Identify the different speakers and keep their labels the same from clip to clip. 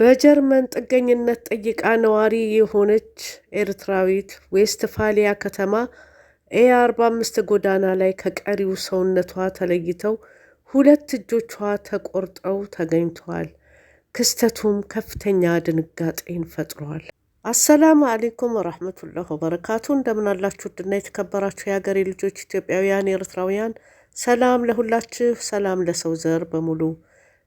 Speaker 1: በጀርመን ጥገኝነት ጠይቃ ነዋሪ የሆነች ኤርትራዊት ዌስትፋሊያ ከተማ ኤ45 ጎዳና ላይ ከቀሪው ሰውነቷ ተለይተው ሁለት እጆቿ ተቆርጠው ተገኝተዋል። ክስተቱም ከፍተኛ ድንጋጤን ፈጥሯል። አሰላሙ አሌይኩም ወራህመቱላህ ወበረካቱ። እንደምናላችሁ ድና የተከበራችሁ የሀገሬ ልጆች ኢትዮጵያውያን፣ ኤርትራውያን፣ ሰላም ለሁላችሁ፣ ሰላም ለሰው ዘር በሙሉ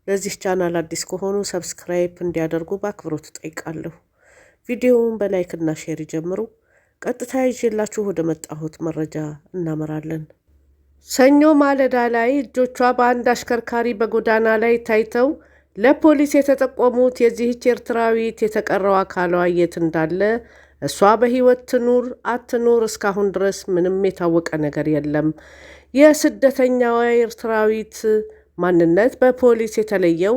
Speaker 1: ለዚህ ቻናል አዲስ ከሆኑ ሰብስክራይብ እንዲያደርጉ በአክብሮት እጠይቃለሁ። ቪዲዮውን በላይክ እና ሼር ይጀምሩ። ቀጥታ ይዤላችሁ ወደ መጣሁት መረጃ እናመራለን። ሰኞ ማለዳ ላይ እጆቿ በአንድ አሽከርካሪ በጎዳና ላይ ታይተው ለፖሊስ የተጠቆሙት የዚህች ኤርትራዊት የተቀረው አካሏ የት እንዳለ እሷ በሕይወት ትኑር አትኑር እስካሁን ድረስ ምንም የታወቀ ነገር የለም። የስደተኛዋ ኤርትራዊት ማንነት በፖሊስ የተለየው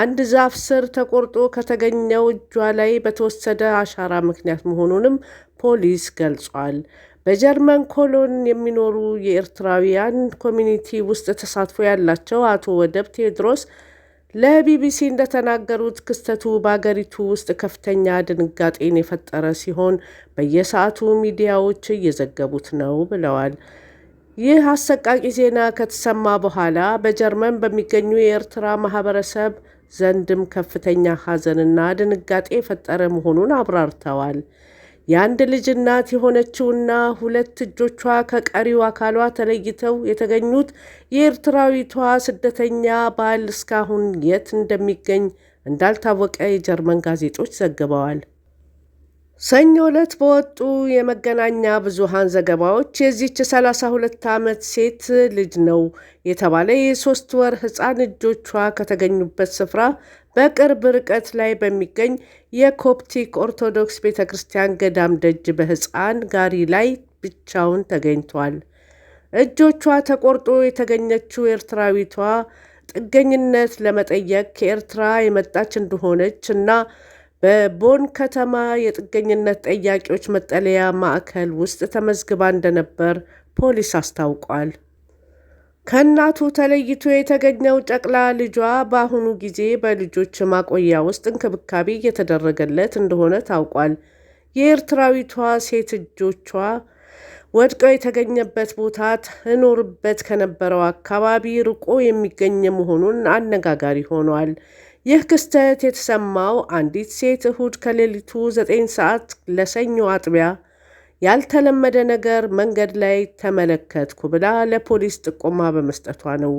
Speaker 1: አንድ ዛፍ ስር ተቆርጦ ከተገኘው እጇ ላይ በተወሰደ አሻራ ምክንያት መሆኑንም ፖሊስ ገልጿል። በጀርመን ኮሎን የሚኖሩ የኤርትራውያን ኮሚኒቲ ውስጥ ተሳትፎ ያላቸው አቶ ወደብ ቴዎድሮስ ለቢቢሲ እንደተናገሩት ክስተቱ በአገሪቱ ውስጥ ከፍተኛ ድንጋጤን የፈጠረ ሲሆን በየሰዓቱ ሚዲያዎች እየዘገቡት ነው ብለዋል። ይህ አሰቃቂ ዜና ከተሰማ በኋላ በጀርመን በሚገኙ የኤርትራ ማህበረሰብ ዘንድም ከፍተኛ ሐዘንና ድንጋጤ የፈጠረ መሆኑን አብራርተዋል። የአንድ ልጅ እናት የሆነችውና ሁለት እጆቿ ከቀሪው አካሏ ተለይተው የተገኙት የኤርትራዊቷ ስደተኛ ባል እስካሁን የት እንደሚገኝ እንዳልታወቀ የጀርመን ጋዜጦች ዘግበዋል። ሰኞ ዕለት በወጡ የመገናኛ ብዙሃን ዘገባዎች የዚህች የሰላሳ ሁለት ዓመት ሴት ልጅ ነው የተባለ የሶስት ወር ሕፃን እጆቿ ከተገኙበት ስፍራ በቅርብ ርቀት ላይ በሚገኝ የኮፕቲክ ኦርቶዶክስ ቤተ ክርስቲያን ገዳም ደጅ በሕፃን ጋሪ ላይ ብቻውን ተገኝቷል። እጆቿ ተቆርጦ የተገኘችው ኤርትራዊቷ ጥገኝነት ለመጠየቅ ከኤርትራ የመጣች እንደሆነች እና በቦን ከተማ የጥገኝነት ጠያቂዎች መጠለያ ማዕከል ውስጥ ተመዝግባ እንደነበር ፖሊስ አስታውቋል። ከእናቱ ተለይቶ የተገኘው ጨቅላ ልጇ በአሁኑ ጊዜ በልጆች ማቆያ ውስጥ እንክብካቤ እየተደረገለት እንደሆነ ታውቋል። የኤርትራዊቷ ሴት እጆቿ ወድቀው የተገኘበት ቦታ ትኖርበት ከነበረው አካባቢ ርቆ የሚገኝ መሆኑን አነጋጋሪ ሆኗል። ይህ ክስተት የተሰማው አንዲት ሴት እሁድ ከሌሊቱ 9 ሰዓት ለሰኞ አጥቢያ ያልተለመደ ነገር መንገድ ላይ ተመለከትኩ ብላ ለፖሊስ ጥቆማ በመስጠቷ ነው።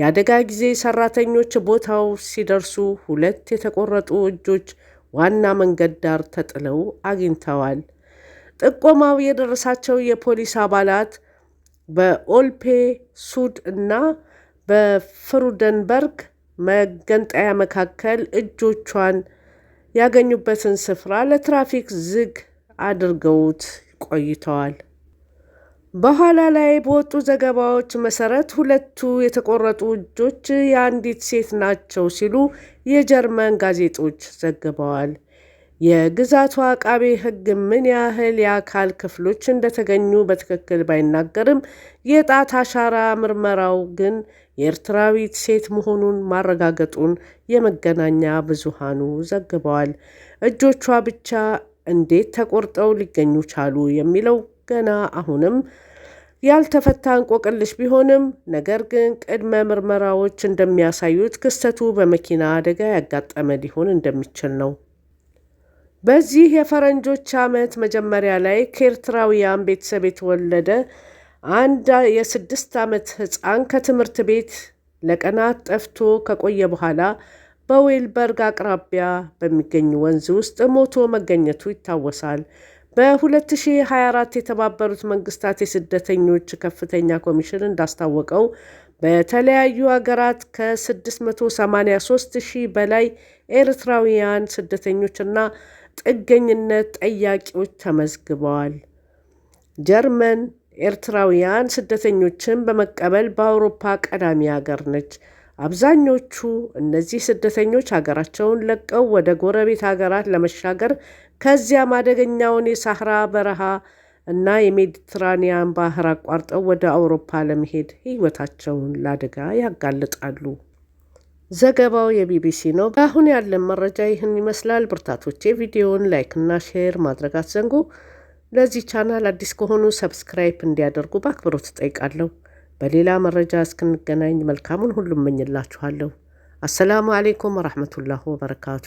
Speaker 1: የአደጋ ጊዜ ሰራተኞች ቦታው ሲደርሱ ሁለት የተቆረጡ እጆች ዋና መንገድ ዳር ተጥለው አግኝተዋል። ጥቆማው የደረሳቸው የፖሊስ አባላት በኦልፔ ሱድ እና በፍሩደንበርግ መገንጠያ መካከል እጆቿን ያገኙበትን ስፍራ ለትራፊክ ዝግ አድርገውት ቆይተዋል። በኋላ ላይ በወጡ ዘገባዎች መሠረት ሁለቱ የተቆረጡ እጆች የአንዲት ሴት ናቸው ሲሉ የጀርመን ጋዜጦች ዘግበዋል። የግዛቱ አቃቤ ሕግ ምን ያህል የአካል ክፍሎች እንደተገኙ በትክክል ባይናገርም የጣት አሻራ ምርመራው ግን የኤርትራዊት ሴት መሆኑን ማረጋገጡን የመገናኛ ብዙሃኑ ዘግበዋል። እጆቿ ብቻ እንዴት ተቆርጠው ሊገኙ ቻሉ የሚለው ገና አሁንም ያልተፈታ እንቆቅልሽ ቢሆንም ነገር ግን ቅድመ ምርመራዎች እንደሚያሳዩት ክስተቱ በመኪና አደጋ ያጋጠመ ሊሆን እንደሚችል ነው። በዚህ የፈረንጆች ዓመት መጀመሪያ ላይ ከኤርትራውያን ቤተሰብ የተወለደ አንድ የስድስት ዓመት ሕፃን ከትምህርት ቤት ለቀናት ጠፍቶ ከቆየ በኋላ በዌልበርግ አቅራቢያ በሚገኝ ወንዝ ውስጥ ሞቶ መገኘቱ ይታወሳል። በ2024 የተባበሩት መንግስታት የስደተኞች ከፍተኛ ኮሚሽን እንዳስታወቀው በተለያዩ ሀገራት ከ683 ሺህ በላይ ኤርትራውያን ስደተኞችና ጥገኝነት ጠያቂዎች ተመዝግበዋል። ጀርመን ኤርትራውያን ስደተኞችን በመቀበል በአውሮፓ ቀዳሚ ሀገር ነች። አብዛኞቹ እነዚህ ስደተኞች ሀገራቸውን ለቀው ወደ ጎረቤት ሀገራት ለመሻገር ከዚያም አደገኛውን የሳህራ በረሃ እና የሜዲትራኒያን ባህር አቋርጠው ወደ አውሮፓ ለመሄድ ሕይወታቸውን ለአደጋ ያጋልጣሉ። ዘገባው የቢቢሲ ነው። በአሁን ያለን መረጃ ይህን ይመስላል። ብርታቶቼ ቪዲዮውን ላይክና ሼር ማድረግ አትዘንጉ። ለዚህ ቻናል አዲስ ከሆኑ ሰብስክራይብ እንዲያደርጉ በአክብሮት እጠይቃለሁ። በሌላ መረጃ እስክንገናኝ መልካሙን ሁሉም እመኝላችኋለሁ። አሰላሙ አሌይኩም ወረሕመቱላሁ ወበረካቱ።